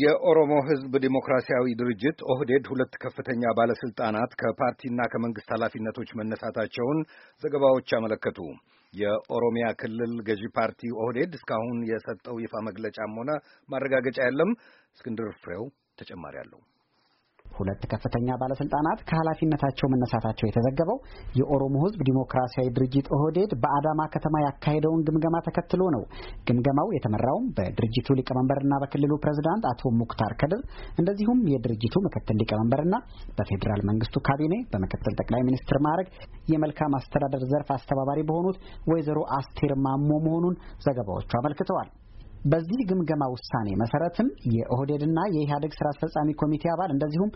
የኦሮሞ ሕዝብ ዴሞክራሲያዊ ድርጅት ኦህዴድ ሁለት ከፍተኛ ባለስልጣናት ከፓርቲና ከመንግስት ኃላፊነቶች መነሳታቸውን ዘገባዎች አመለከቱ። የኦሮሚያ ክልል ገዢ ፓርቲ ኦህዴድ እስካሁን የሰጠው ይፋ መግለጫም ሆነ ማረጋገጫ የለም። እስክንድር ፍሬው ተጨማሪ አለው። ሁለት ከፍተኛ ባለስልጣናት ከኃላፊነታቸው መነሳታቸው የተዘገበው የኦሮሞ ሕዝብ ዲሞክራሲያዊ ድርጅት ኦህዴድ በአዳማ ከተማ ያካሄደውን ግምገማ ተከትሎ ነው። ግምገማው የተመራውም በድርጅቱ ሊቀመንበርና በክልሉ ፕሬዝዳንት አቶ ሙክታር ከድር እንደዚሁም የድርጅቱ ምክትል ሊቀመንበርና በፌዴራል መንግስቱ ካቢኔ በምክትል ጠቅላይ ሚኒስትር ማዕረግ የመልካም አስተዳደር ዘርፍ አስተባባሪ በሆኑት ወይዘሮ አስቴር ማሞ መሆኑን ዘገባዎቹ አመልክተዋል። በዚህ ግምገማ ውሳኔ መሰረትም የኦህዴድና የኢህአዴግ ስራ አስፈጻሚ ኮሚቴ አባል እንደዚሁም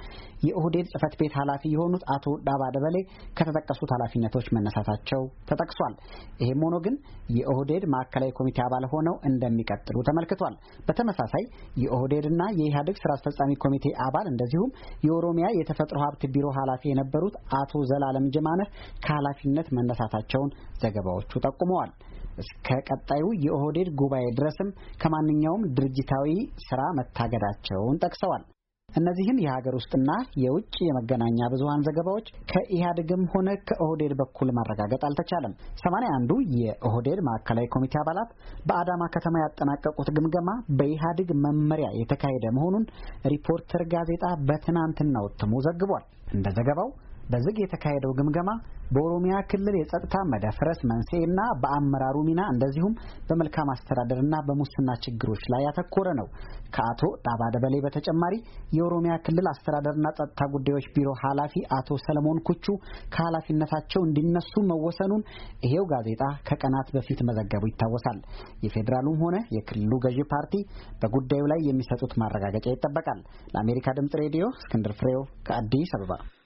የኦህዴድ ጽህፈት ቤት ኃላፊ የሆኑት አቶ ዳባ ደበሌ ከተጠቀሱት ኃላፊነቶች መነሳታቸው ተጠቅሷል። ይህም ሆኖ ግን የኦህዴድ ማዕከላዊ ኮሚቴ አባል ሆነው እንደሚቀጥሉ ተመልክቷል። በተመሳሳይ የኦህዴድና የኢህአዴግ ስራ አስፈጻሚ ኮሚቴ አባል እንደዚሁም የኦሮሚያ የተፈጥሮ ሀብት ቢሮ ኃላፊ የነበሩት አቶ ዘላለም ጀማነህ ከኃላፊነት መነሳታቸውን ዘገባዎቹ ጠቁመዋል። እስከ ቀጣዩ የኦህዴድ ጉባኤ ድረስም ከማንኛውም ድርጅታዊ ስራ መታገዳቸውን ጠቅሰዋል። እነዚህን የሀገር ውስጥና የውጭ የመገናኛ ብዙሀን ዘገባዎች ከኢህአዴግም ሆነ ከኦህዴድ በኩል ማረጋገጥ አልተቻለም። ሰማንያ አንዱ የኦህዴድ ማዕከላዊ ኮሚቴ አባላት በአዳማ ከተማ ያጠናቀቁት ግምገማ በኢህአዴግ መመሪያ የተካሄደ መሆኑን ሪፖርተር ጋዜጣ በትናንትናው እትሙ ዘግቧል። እንደ ዘገባው በዝግ የተካሄደው ግምገማ በኦሮሚያ ክልል የጸጥታ መደፍረስ መንስኤና በአመራሩ ሚና እንደዚሁም በመልካም አስተዳደርና በሙስና ችግሮች ላይ ያተኮረ ነው። ከአቶ ዳባ ደበሌ በተጨማሪ የኦሮሚያ ክልል አስተዳደርና ጸጥታ ጉዳዮች ቢሮ ኃላፊ አቶ ሰለሞን ኩቹ ከኃላፊነታቸው እንዲነሱ መወሰኑን ይሄው ጋዜጣ ከቀናት በፊት መዘገቡ ይታወሳል። የፌዴራሉም ሆነ የክልሉ ገዢ ፓርቲ በጉዳዩ ላይ የሚሰጡት ማረጋገጫ ይጠበቃል። ለአሜሪካ ድምጽ ሬዲዮ እስክንድር ፍሬው ከአዲስ አበባ